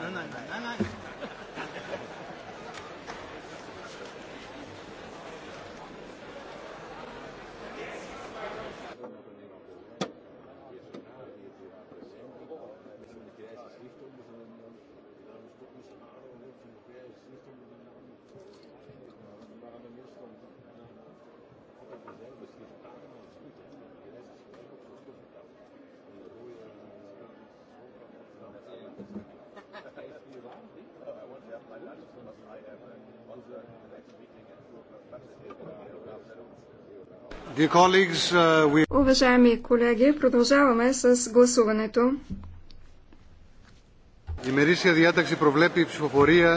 nein, nein, nein, nein, nein. Uh, Уважаеми колеги, продължаваме с гласуването. Η диатакси провлепи προβλέπει ψηφοφορία